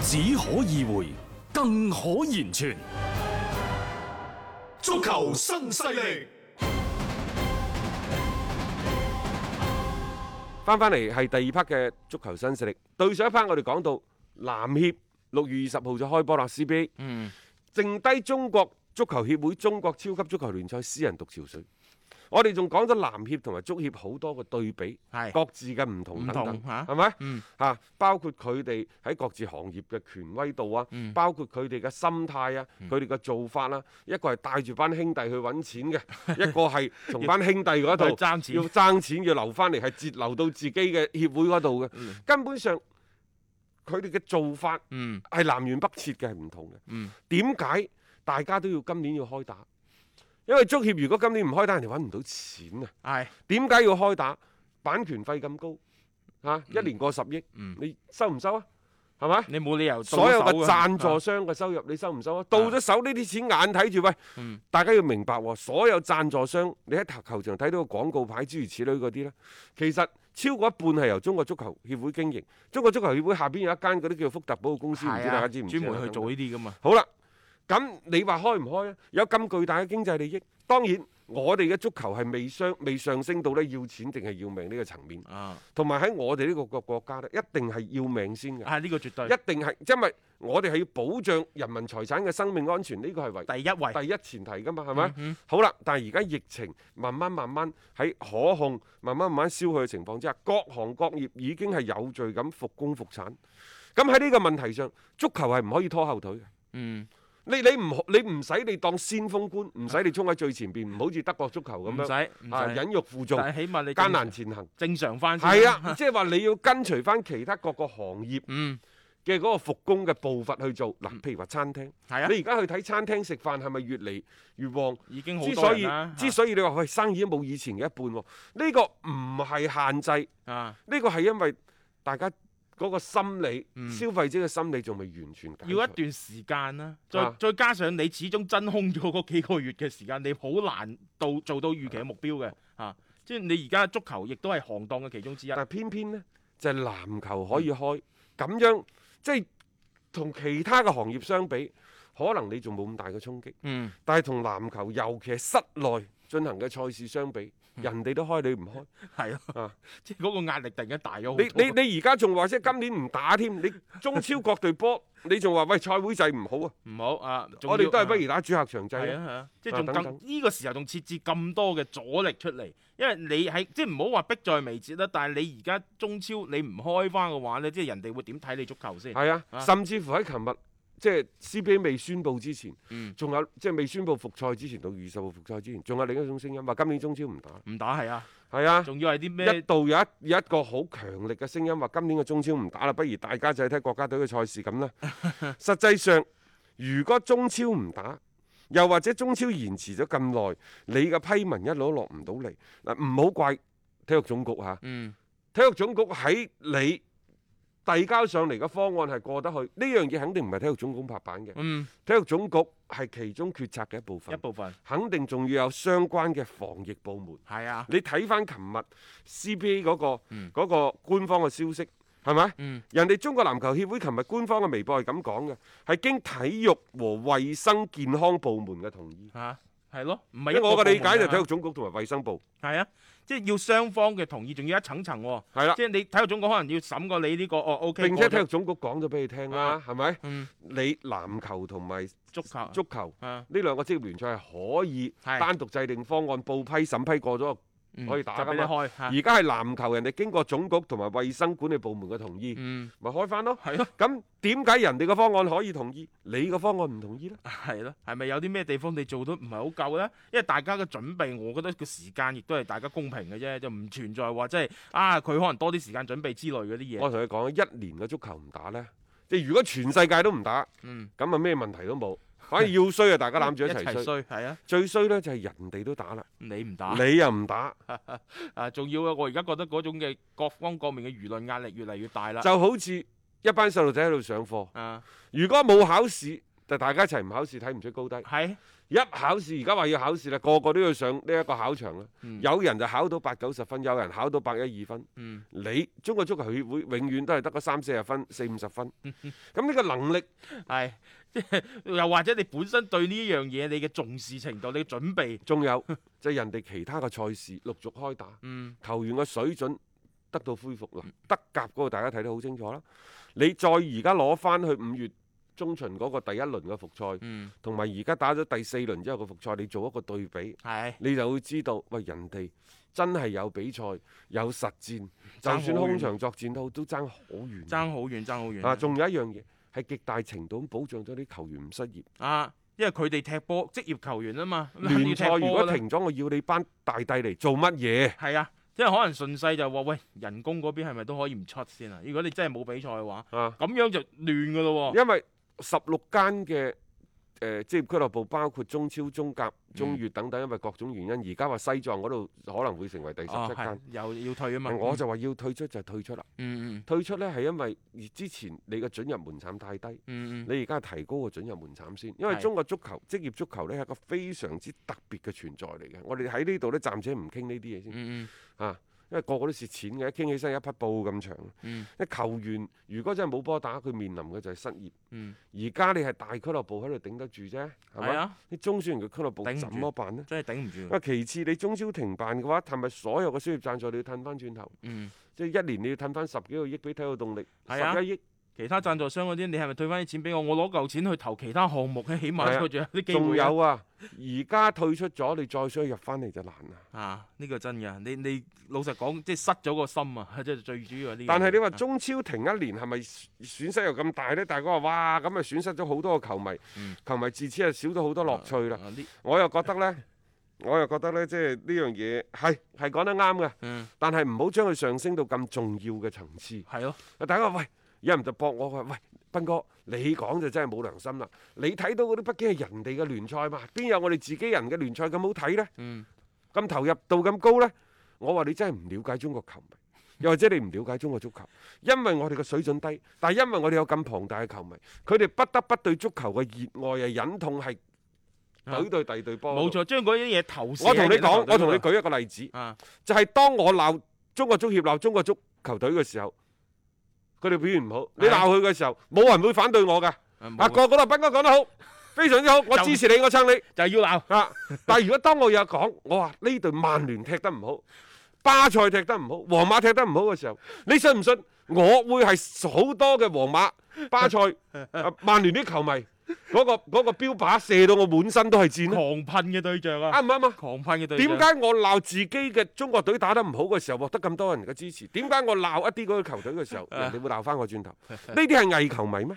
只可意會，更可言傳。足球新勢力，返返嚟係第二 part 嘅足球新勢力。對上一 part 我哋講到，籃協六月二十號就開波啦，CBA。BA，嗯，剩低中國足球協會中國超級足球聯賽，斯人獨憔悴。我哋仲講咗籃協同埋足協好多個對比，是各自嘅唔同等等，嚇係咪？嚇、啊嗯啊、包括佢哋喺各自行業嘅權威度啊，嗯、包括佢哋嘅心態啊，佢哋嘅做法啦、啊，一個係帶住班兄弟去揾錢嘅， 一個係從班兄弟嗰度要掙錢，要留翻嚟係截留到自己嘅協會嗰度嘅，嗯、根本上佢哋嘅做法係南轅北轍嘅，係唔同嘅。點解、嗯、大家都要今年要開打？因為足協如果今年唔開打，人哋搵唔到錢啊！係點解要開打？版權費咁高，吓一年過十億，你收唔收啊？係咪？你冇理由所有嘅贊助商嘅收入你收唔收啊？到咗手呢啲錢眼睇住，喂，大家要明白喎！所有贊助商，你喺球球場睇到個廣告牌諸如此類嗰啲咧，其實超過一半係由中國足球協會經營。中國足球協會下邊有一間嗰啲叫福特寶嘅公司，唔知大家知唔知？專門去做呢啲噶嘛？好啦。咁你話開唔開啊？有咁巨大嘅經濟利益，當然我哋嘅足球係未上未上升到咧要錢定係要命呢個層面。啊，同埋喺我哋呢個國國家咧，一定係要命先嘅。啊，呢個絕對。一定係，因為我哋係要保障人民財產嘅生命安全，呢個係為第一位、第一前提㗎嘛，係咪啊？嗯嗯、好啦，但係而家疫情慢慢慢慢喺可控、慢慢慢慢消去嘅情況之下，各行各業已經係有序咁復工復產。咁喺呢個問題上，足球係唔可以拖後腿嘅。嗯。你你唔你唔使你當先鋒官，唔使你衝喺最前邊，唔好似德國足球咁樣，吓忍辱負重，起碼你艱、啊、難前行，正常翻。係啊，即係話你要跟隨翻其他各個行業嘅嗰個復工嘅步伐去做。嗱、啊，譬如話餐廳，啊、你而家去睇餐廳食飯係咪越嚟越旺？已經好多人啦。之所以、啊、之所以你話佢生意都冇以前嘅一半，哦，呢、這個唔係限制，呢個係因為大家。嗰個心理、嗯、消費者嘅心理仲未完全，要一段時間啦。啊、再再加上你始終真空咗嗰幾個月嘅時間，你好難到做到預期嘅目標嘅嚇、嗯啊。即係你而家足球亦都係行當嘅其中之一。但係偏偏呢，就係、是、籃球可以開，咁、嗯、樣即係同其他嘅行業相比，可能你仲冇咁大嘅衝擊。嗯。但係同籃球，尤其係室內進行嘅賽事相比。人哋都開，你唔開，係啊。啊即係嗰個壓力突然間大咗。你你你而家仲話即係今年唔打添，你中超各隊波， 你仲話喂賽會制唔好啊？唔好啊！我哋都係不如打主客場制啊！啊啊啊即係仲更呢等個時候仲設置咁多嘅阻力出嚟，因為你喺即係唔好話迫在眉睫啦。但係你而家中超你唔開翻嘅話咧，即係人哋會點睇你足球先？係啊，啊啊甚至乎喺琴日。即係 CBA 未宣佈之前，仲、嗯、有即係、就是、未宣佈復賽之前到二十號復賽之前，仲有另一種聲音話今年中超唔打，打，唔打係啊，係啊，仲要係啲咩？一度有一有一個好強力嘅聲音話今年嘅中超唔打啦，不如大家就係睇國家隊嘅賽事咁啦。 實際上，如果中超唔打，又或者中超延遲咗咁耐，你嘅批文一路落唔到嚟嗱，唔好怪體育總局嚇，嗯、體育總局喺你。遞交上嚟嘅方案係過得去，呢樣嘢肯定唔係體、嗯、體育總局拍板嘅。嗯，體育總局係其中決策嘅一部分。一部分肯定仲要有相關嘅防疫部門。係啊，你睇翻琴日 CBA 嗰個嗰個官方嘅消息，係咪？嗯、人哋中國籃球協會琴日官方嘅微博係咁講嘅，係經體育和衞生健康部門嘅同意。嚇、啊，係咯，啊，唔係。我嘅理解就係體育總局同埋衞生部。係啊。即係要雙方嘅同意，仲要一層層喎。係啦，即係你體育總局可能要審過你呢個哦，OK。並且體育總局講咗俾你聽啦，係咪？你籃球同埋足球足球呢兩個職業聯賽係可以單獨制定方案報批審批過咗。嗯、可以打噶嘛？而家係籃球，人哋經過總局同埋衞生管理部門嘅同意，咪、嗯、開翻咯。係咯。咁點解人哋嘅方案可以同意，你嘅方案唔同意咧？係咯。係咪有啲咩地方你做到唔係好夠呢？因為大家嘅準備，我覺得個時間亦都係大家公平嘅啫，就唔存在話即係啊，佢可能多啲時間準備之類嗰啲嘢。我同你講，一年嘅足球唔打呢，即係如果全世界都唔打，咁啊咩問題都冇。反而要衰啊！大家攬住一齊衰，係 啊！最衰呢就係人哋都打啦，你唔打，你又唔打，啊！仲要啊！我而家覺得嗰種嘅各方各面嘅輿論壓力越嚟越大啦。就好似一班細路仔喺度上課，啊！如果冇考試，就大家一齊唔考試，睇唔出高低。係是，一考試，而家話要考試啦，個個都要上呢一個考場啦。嗯、有人就考到八九十分，有人考到百一二分。嗯、你中國足球協會永遠都係得個三四十分、四五十分。咁呢、嗯、 個能力係。又或者你本身對呢樣嘢，你嘅重視程度，你嘅準備，仲有即係人哋其他嘅賽事陸續開打，球員嘅水準得到恢復啦。德甲嗰個大家睇得好清楚啦。你再而家攞翻去五月中旬嗰個第一輪嘅複賽，同埋而家打咗第四輪之後嘅複賽，你做一個對比，你就會知道喂，人哋真係有比賽有實戰，就算空場作戰都都爭好遠，爭好遠，爭好遠。啊，仲有一樣嘢。係極大程度咁保障咗啲球員唔失業。啊，因為佢哋踢波，職業球員啊嘛。聯賽如果停咗，我要你班大帝嚟做乜嘢？係啊，即係可能順勢就話，喂，人工嗰邊係咪都可以唔出先啊？如果你真係冇比賽嘅話，咁、啊、樣就亂噶咯。因為十六間嘅。誒、呃，職業俱樂部包括中超、中甲、中乙等等，因為各種原因，而家話西藏嗰度可能會成為第十七間、哦，又要退啊嘛。嗯、我就話要退出就退出啦。嗯嗯。退出呢係因為之前你個准入門檻太低。嗯嗯，你而家提高個准入門檻先，因為中國足球、是的 職業足球呢係一個非常之特別嘅存在嚟嘅。我哋喺呢度呢，暫時唔傾呢啲嘢先。嗯嗯啊。因為個個都蝕錢嘅，傾起身一匹布咁長。嗯，球員如果真係冇波打，佢面臨嘅就係失業。而家、嗯、你係大俱樂部喺度頂得住啫，係咪、嗯？你吧中小型嘅俱樂部怎麼辦呢？真係頂唔住。啊，其次你中超停辦嘅話，係咪所有嘅商業贊助你要褪翻轉頭？即係、嗯、一年你要褪翻十幾個億俾體育動力，十一億。其他贊助商嗰啲，你係咪退翻啲錢俾我？我攞嚿錢去投其他項目咧，起碼佢仲有啲機會。仲有啊！而家退出咗，你再想入翻嚟就難啦。啊，呢、呢個真㗎。你你老實講，即係失咗個心啊！即係最主要係呢。但係你話中超停一年係咪、啊、損失又咁大呢？大哥話哇，咁咪損失咗好多個球迷，嗯、球迷自此啊少咗好多樂趣啦。啊啊啊、我又覺得呢，啊、我又覺得呢，即係呢樣嘢係係講得啱嘅。嗯、但係唔好將佢上升到咁重要嘅層次。係咯。大家話喂。有人就搏我話，喂，斌哥，你講就真係冇良心啦！你睇到嗰啲北京係人哋嘅聯賽嘛，邊有我哋自己人嘅聯賽咁好睇呢？咁、嗯、投入度咁高呢？我話你真係唔了解中國球迷，又或者你唔了解中國足球，因為我哋嘅水準低，但係因為我哋有咁龐大嘅球迷，佢哋不得不對足球嘅熱愛啊忍痛係懟對，對第二隊對波。冇錯、嗯，將嗰啲嘢投，投射我同你講，我同你舉一個例子，嗯、就係當我鬧中國足協鬧中國足球隊嘅時候。佢哋表現唔好，你鬧佢嘅時候，冇人會反對我噶。啊，啊，個個都係斌哥講得好，非常之好，我支持你，我撐你， 就係要鬧罵、 啊。但係如果當我有講，我話呢隊曼聯踢得唔好，巴塞踢得唔好，皇馬踢得唔好嘅時候，你信唔信？我會係好多嘅皇馬、巴塞、曼、啊、曼聯啲球迷。嗰、 那個嗰、那個標靶射到我滿身都係箭、啊，狂噴嘅對象啊！啱唔啱啊？狂噴嘅對象。點解我鬧自己嘅中國隊打得唔好嘅時候，獲得咁多人嘅支持？點解我鬧一啲嗰個球隊嘅時候，人哋會鬧翻我轉頭？呢啲係偽球迷咩？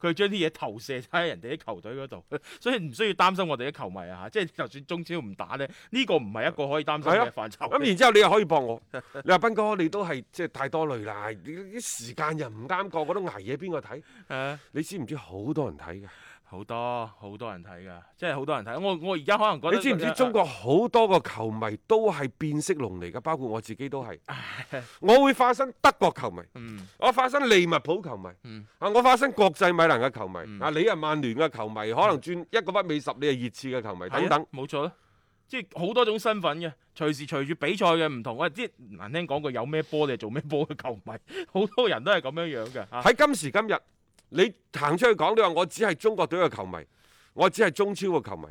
佢將啲嘢投射晒喺人哋啲球隊嗰度，所以唔需要擔心我哋啲球迷啊！即、就、係、是、就算中超唔打呢，呢、這個唔係一個可以擔心嘅範疇。咁、啊啊嗯、然之後你又可以駁我， 你話斌哥你都係即係太多累啦，啲時間又唔啱，個個都捱夜邊個睇？ 你知唔知好？好多，好多人睇嘅，好多好多人睇噶，真係好多人睇。我我而家可能覺得你知唔知中國好多個球迷都係變色龍嚟噶，包括我自己都係。 我會化身德國球迷，嗯、我化身利物浦球迷，啊、嗯，我化身國際米蘭嘅球迷。啊、嗯，你係曼聯嘅球迷，可能轉一個忽美十，你係熱刺嘅球迷等等。冇錯咯，即係好多種身份嘅，隨時隨住比賽嘅唔同。喂，即係難聽講句，有咩波你做咩波嘅球迷，好多人都係咁樣樣嘅。喺、啊、今時今日。你行出去講，你話我只係中國隊嘅球迷，我只係中超嘅球迷。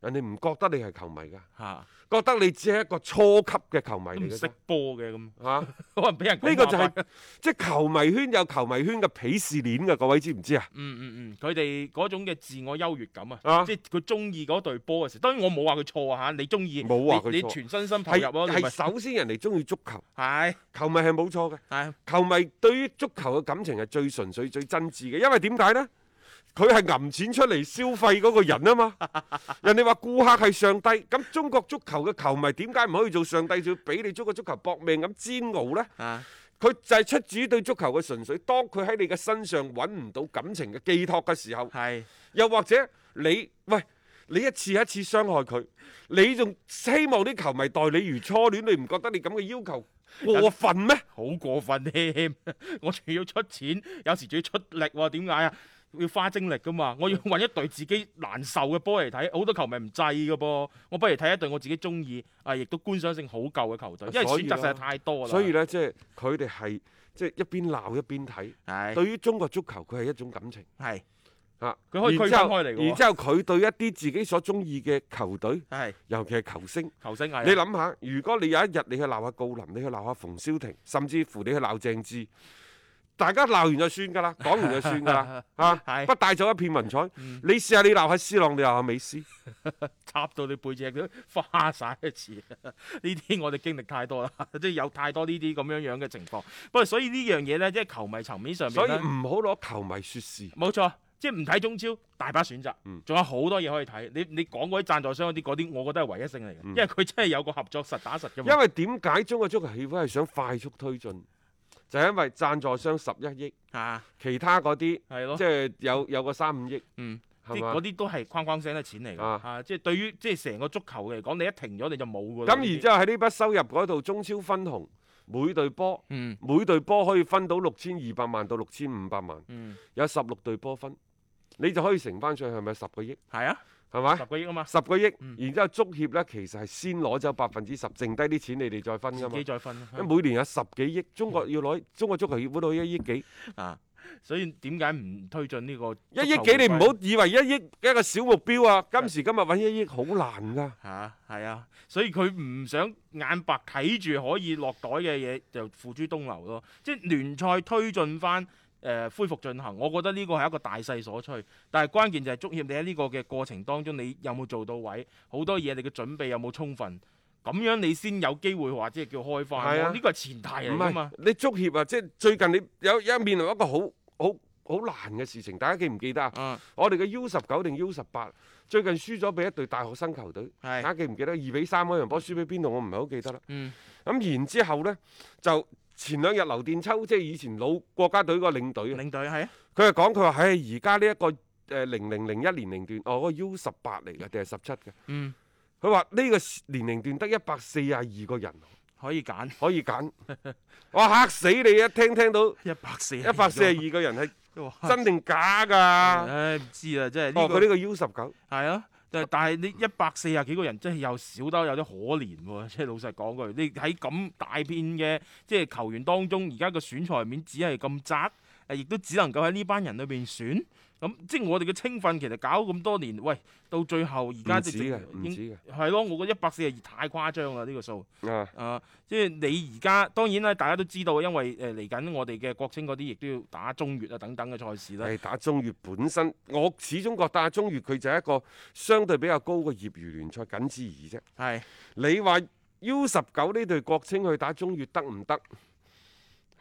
人哋唔覺得你係球迷噶，覺得你只係一個初級嘅球迷嚟嘅，唔識波嘅咁嚇，可能俾人呢個就係，即係球迷圈有球迷圈嘅鄙視鏈噶，各位知唔知啊？嗯嗯嗯，佢哋嗰種嘅自我優越感啊，即係佢中意嗰隊波嘅時，當然我冇話佢錯啊嚇，你中意冇話佢錯，你全身心投入咯。係首先人哋中意足球，係球迷係冇錯嘅，係球迷對於足球嘅感情係最純粹、最真摯嘅，因為點解咧？佢係揞錢出嚟消費嗰個人啊嘛！人哋話顧客係上帝，咁中國足球嘅球迷點解唔可以做上帝，就要俾你中國足球搏命咁煎熬呢？啊！佢就係出自於對足球嘅純粹，當佢喺你嘅身上揾唔到感情嘅寄託嘅時候，係又或者你喂你一次一次傷害佢，你仲希望啲球迷待你如初戀？你唔覺得你咁嘅要求過分咩？好過分添！我仲要出錢，有時仲要出力喎？點解啊？要花精力噶嘛，我要揾一隊自己難受嘅波嚟睇，好多球迷唔制噶噃。我不如睇一隊我自己中意，啊，亦都觀賞性好夠嘅球隊。因為選擇實在太多啦。所以呢，即係佢哋係即係一邊鬧一邊睇，是對於中國足球佢係一種感情。係是啊，佢可以驅散開嚟。然之後佢對一啲自己所中意嘅球隊，是尤其係球星，球星你諗下，如果你有一日你去鬧下郜林，你去鬧下馮瀟霆，甚至乎你去鬧鄭智。大家鬧完就算噶啦，講完就算噶啦，嚇 是、啊！不帶走一片文采、嗯，你試下你鬧喺 C 朗，你鬧下美斯，插到你背脊度花晒一次。呢啲我哋經歷太多啦，即係有太多呢啲咁樣樣嘅情況。不過所以呢樣嘢咧，即係球迷層面上面，所以唔好攞球迷説事。冇錯，即係唔睇中超，大把選擇，仲有好多嘢可以睇。你你講嗰啲贊助商嗰啲啲，我覺得係唯一性嚟嘅，嗯、因為佢真係有個合作實打實嘅。因為點解中國足球協會係想快速推進？就係因為贊助商十一億，嚇、啊，其他嗰啲，係咯，即係有有個三五億，嗯，啲嗰啲都係框框聲，嘅係錢嚟㗎，啊，即係對於即係成個足球嚟講，你一停咗你就冇㗎啦。咁然之後喺呢筆收入嗰度中超分紅，每隊波，嗯、每隊波可以分到六千二百萬到六千五百萬，嗯、有十六隊波分，你就可以乘返上去，係咪十個億？係啊。係嘛？十個億啊嘛，十個億，然之後足協咧，其實係先攞走百分之十，剩低啲錢你哋再分噶嘛。幾再分？因為每年有十幾億，中國要攞，是中國足球協會攞一億幾啊，所以點解唔推進呢個？一億幾你唔好以為一億係一個小目標啊，是今時今日搵一億好難噶、啊、吓，係啊，啊，啊，所以佢唔想眼白睇住可以落袋嘅嘢就付諸東流咯，即係聯賽推進翻，誒、呃、恢復進行，我覺得呢個係一個大勢所趨，但係關鍵就係足協你喺呢個嘅過程當中，你有冇做到位？好多嘢你嘅準備有冇充分？咁樣你先有機會話，即係叫開翻。呢、啊、個係前提嚟噶嘛？你足協啊，即係最近你有一面臨一個好好好難嘅事情。大家記唔記得啊？嗯、我哋嘅 U 十九定 U 十八最近輸咗俾一隊大學生球隊。是大家記唔記得二比三嗰場波輸俾邊度？我唔係好記得啦。咁、嗯嗯、然之後呢，就。前兩日劉殿秋即係以前老國家隊個領隊,領隊啊，領隊係啊，佢係講佢話：，唉、呃，而家呢一個誒零零零一年齡段，哦，嗰個 U 十八嚟嘅定係十七嘅。嗯，佢話呢個年齡段得一百四十二個人可以揀，可以揀。我 嚇死你一聽聽到一百四，一百四十二個人係真定假㗎？唉、嗯，唔知啦，真係、這個。哦，佢呢個 U 十九，係啊。但係你一百四十幾個人，真係又少得有啲可憐喎、啊！即係老實講句，你喺咁大片嘅即係球員當中，而家嘅選材面只係咁窄，誒，亦都只能夠喺呢班人裏邊選。咁、嗯、即係我哋嘅青訓，其實搞咁多年，喂，到最後而家即係唔止嘅，唔止嘅，係咯，我覺得一百四十二太誇張啦，呢、呢個數啊、呃、即係你而家當然啦，大家都知道，因為誒嚟緊我哋嘅國青嗰啲亦都要打中乙啊等等嘅賽事啦。係打中乙本身，我始終覺得打中乙佢就係一個相對比較高嘅業餘聯賽僅此而啫。係是你話 U 十九呢隊國青去打中乙得唔得？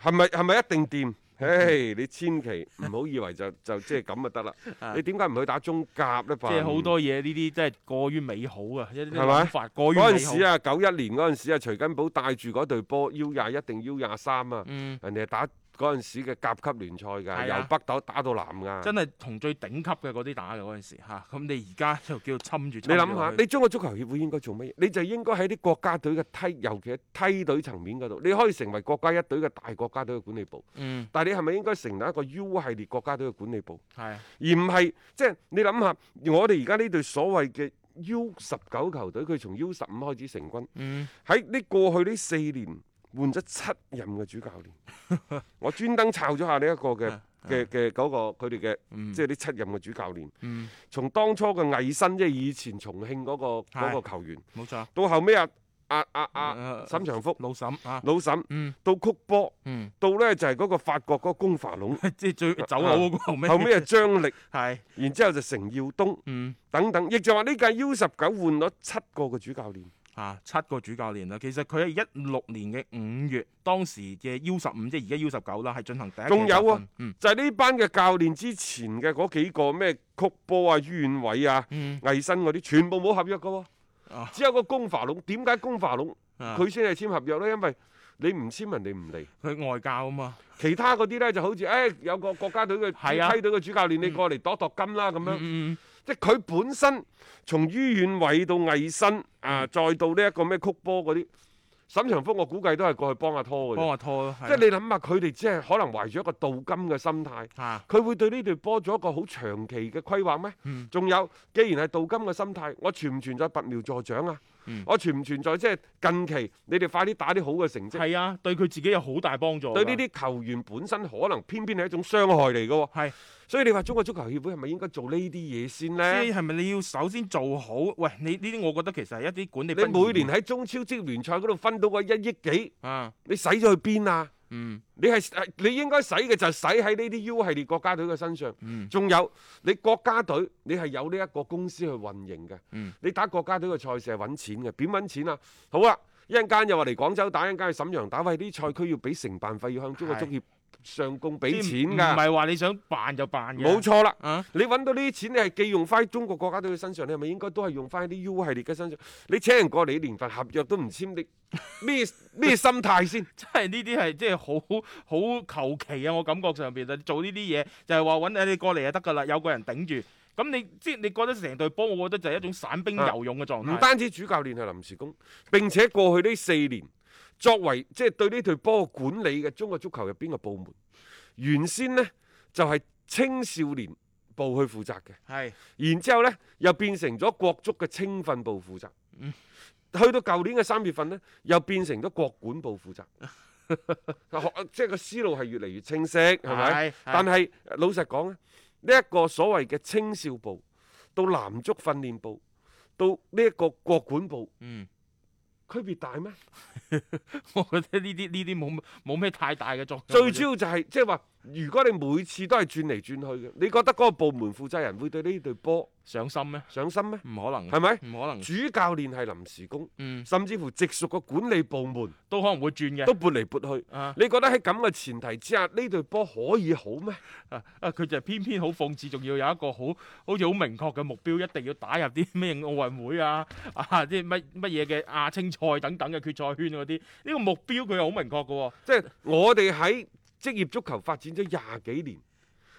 係咪係咪一定掂？嘿，hey, mm hmm. 你千祈唔好以為就就即係咁就得啦！ 你點解唔去打中甲呢？即係好多嘢呢啲真係過於美好啊！係咪？嗰陣時啊，九一年嗰陣時啊，徐根寶帶住嗰隊波，U 廿一定 U 廿三啊！嗯，人哋係打。嗰陣時嘅甲級聯賽㗎，啊、由北斗打到南㗎，真係同最頂級嘅嗰啲打嘅嗰陣時咁、啊、你而家就叫侵住。你諗下，你中國足球協會應該做乜嘢？你就應該喺啲國家隊嘅梯，尤其係梯隊層面嗰度，你可以成為國家一隊嘅大國家隊嘅管理部。嗯、但係你係咪應該成立一個 U 系列國家隊嘅管理部？啊、而唔係即係你諗下，我哋而家呢隊所謂嘅 U 十九球隊，佢從 U 十五開始成軍。喺呢、嗯嗯、過去呢四年。換咗七任嘅主教練，我專登抄咗下呢一個嘅嘅嘅嗰個佢哋嘅，即係啲七任嘅主教練。從當初嘅魏新，即係以前重慶嗰個球員，冇錯。到後尾啊啊啊啊沈祥福，老沈，老沈，到曲波，到呢就係嗰個法國嗰個宮煥龍，即係最走佬嗰個。後屘後屘係張力，係，然之後就成耀東，等等。亦就話呢屆 U 十九換咗七個嘅主教練。啊，七個主教練啦，其實佢係一六年嘅五月，當時嘅 U 十五即係而家 U 十九啦，係進行第一期。仲有啊，嗯、就係呢班嘅教練之前嘅嗰幾個咩曲波啊、袁偉啊、嗯、魏新嗰啲，全部冇合約嘅喎，啊、只有個公華龍。點解公華龍佢先係簽合約咧？因為你唔簽人哋唔嚟，佢外教啊嘛。其他嗰啲呢，就好似誒、哎、有個國家隊嘅梯隊嘅主教練，是啊、你過嚟度度金啦咁樣。嗯嗯嗯。即係佢本身從醫院位到魏新啊，再到呢、啊啊、一個咩曲波嗰啲沈祥福，我估計都係過去幫下拖嘅啫。幫下拖咯，即係你諗下，佢哋只係可能懷住一個鍍金嘅心態，佢會對呢隊波做一個好長期嘅規劃咩？仲、嗯、有，既然係鍍金嘅心態，我存唔存在拔苗助長啊？嗯、我存唔存在即係近期你，你哋快啲打啲好嘅成績，係啊，對佢自己有好大幫助。對呢啲球員本身可能偏偏係一種傷害嚟㗎喎。係是，所以你話中國足球協會係咪應該做呢啲嘢先呢？係咪你要首先做好？喂，你呢啲我覺得其實係一啲管理。你每年喺中超職業聯賽嗰度分到個一億幾？啊，你使咗去邊啊？嗯，你係係你應該使嘅就使喺呢啲 U 系列國家隊嘅身上。嗯、仲有你國家隊，你係有呢一個公司去運營嘅。嗯、你打國家隊嘅賽事係揾錢嘅，點揾錢啊？好啦、啊，一陣間又話嚟廣州打，一陣間去沈陽打，喂，啲賽區要俾承辦費，要向中國足協。上供俾錢㗎，唔係話你想辦就辦嘅，冇錯啦。啊、你揾到呢啲錢，你係寄用翻中國國家隊嘅身上，你係咪應該都係用翻啲 U 系列嘅身上？你請人過嚟，連份合約都唔簽你，你咩咩心態先？真係呢啲係即係好好求其啊！我感覺上邊啦，做呢啲嘢就係話揾你你過嚟就得㗎啦，有個人頂住。咁你即係你覺得成隊波，我覺得就係一種散兵游勇嘅狀態。唔、啊、單止主教練係臨時工，並且過去呢四年，作為即係、就是、對呢隊波管理嘅中國足球入邊嘅部門，原先呢就係、是、青少年部去負責嘅，係是，然之後咧又變成咗國足嘅青訓部負責，嗯、去到舊年嘅三月份呢，又變成咗國管部負責，學即係個思路係越嚟越清晰，係咪？ 但係老實講呢一個所謂嘅青少部到男足訓練部到呢一個國管部，嗯。區別大咩？ 我覺得呢啲呢啲冇冇咩太大嘅作用。最主要就係即係話，就是如果你每次都係轉嚟轉去嘅，你覺得嗰個部門負責人會對呢隊波上心咩？上心咩？唔可能，嗯，係咪？唔可能。主教練係臨時工，嗯，甚至乎直屬嘅管理部門都可能會轉嘅，都撥嚟撥去。啊，你覺得喺咁嘅前提之下，呢隊波可以好咩？啊啊！佢就偏偏好放肆，仲要有一個好好似好明確嘅目標，一定要打入啲咩奧運會啊啊！啲乜乜嘢嘅亞青賽等等嘅決賽圈嗰啲，呢個、這個目標佢又好明確嘅，即係我哋喺。職業足球發展咗廿幾年，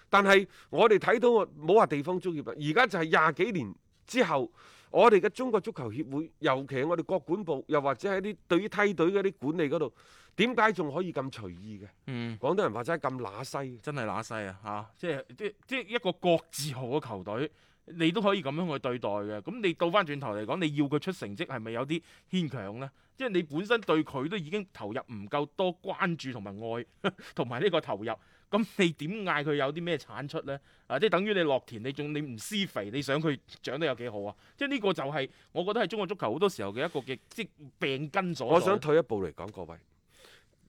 但係我哋睇到，冇話地方足業啦，而家就係廿幾年之後，我哋嘅中國足球協會，尤其係我哋國管部，又或者係啲對於梯隊嗰啲管理嗰度。點解仲可以咁隨意嘅？嗯、廣東人話真係咁揦西，真係揦西啊！嚇，即係即即一個國字號嘅球隊，你都可以咁樣去對待嘅。咁你倒翻轉頭嚟講，你要佢出成績係咪有啲牽強咧？即係你本身對佢都已經投入唔夠多關注同埋愛同埋呢個投入，咁你點嗌佢有啲咩產出咧？啊，即係等於你落田，你仲你唔施肥，你想佢長得有幾好啊？即係呢個就係、是、我覺得係中國足球好多時候嘅一個嘅即病根所在。我想退一步嚟講，各位。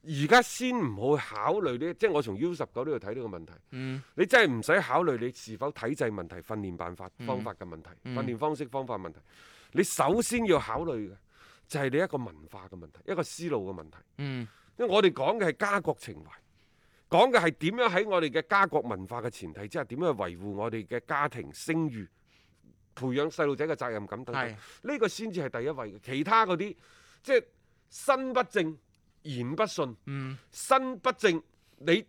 而家先唔好考慮呢，即、就、係、是、我從 U 十九呢度睇呢個問題。嗯、你真係唔使考慮你是否體制問題、訓練辦法方法嘅問題、嗯、訓練方式方法問題。嗯、你首先要考慮嘅就係、是、你一個文化嘅問題、一個思路嘅問題。嗯、因為我哋講嘅係家國情懷，講嘅係點樣喺我哋嘅家國文化嘅前提之下，點樣去維護我哋嘅家庭聲譽、培養細路仔嘅責任感等等，等等。呢是個先至係第一位嘅，其他嗰啲即係身不正。言不順，嗯，身不正，你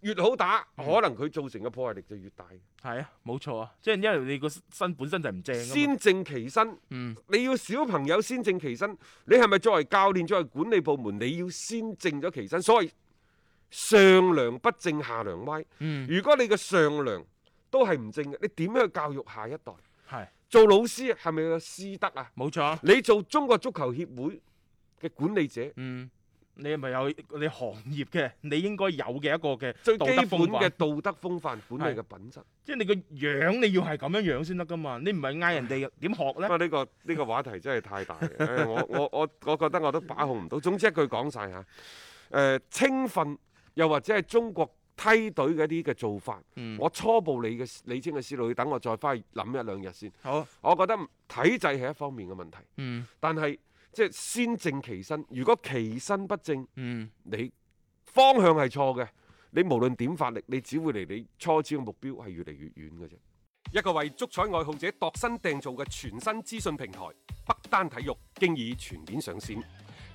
越好打，嗯，可能佢造成嘅破壞力就越大。係啊，冇錯啊，即係因為你個身本身就唔正。先正其身，嗯，你要小朋友先正其身，你係咪作為教練，作為管理部門，你要先正咗其身？所以上梁不正下梁歪，嗯，如果你嘅上梁都係唔正嘅，你點樣去教育下一代？係做老師係咪個師德啊？冇錯，你做中國足球協會嘅管理者，嗯。嗯你係咪有你行業嘅，你應該有嘅一個嘅最基本嘅道德風範，管理嘅品質，即係你個樣你要係咁樣樣先得噶嘛？你唔係嗌人哋點學咧？啊！呢、呢個呢、呢個話題真係太大 我，我我我我覺得我都把控唔到。總之一句講晒，嚇、呃，誒青訓又或者係中國梯隊嘅一啲嘅做法，嗯、我初步理嘅理清嘅思路，你等我再翻去諗一兩日先。好，我覺得體制係一方面嘅問題，嗯、但係，即係先正其身，如果其身不正，嗯、你方向係錯嘅。你無論點發力，你只會離你初始嘅目標係越嚟越遠嘅啫。一個為足彩愛好者度身訂做嘅全新資訊平台，北單體育經已全面上線。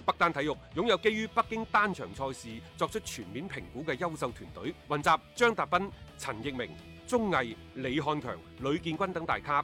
北單體育擁有基於北京單場賽事作出全面評估嘅優秀團隊，雲集張達斌、陳奕明、鐘毅、李漢強、呂建軍等大咖。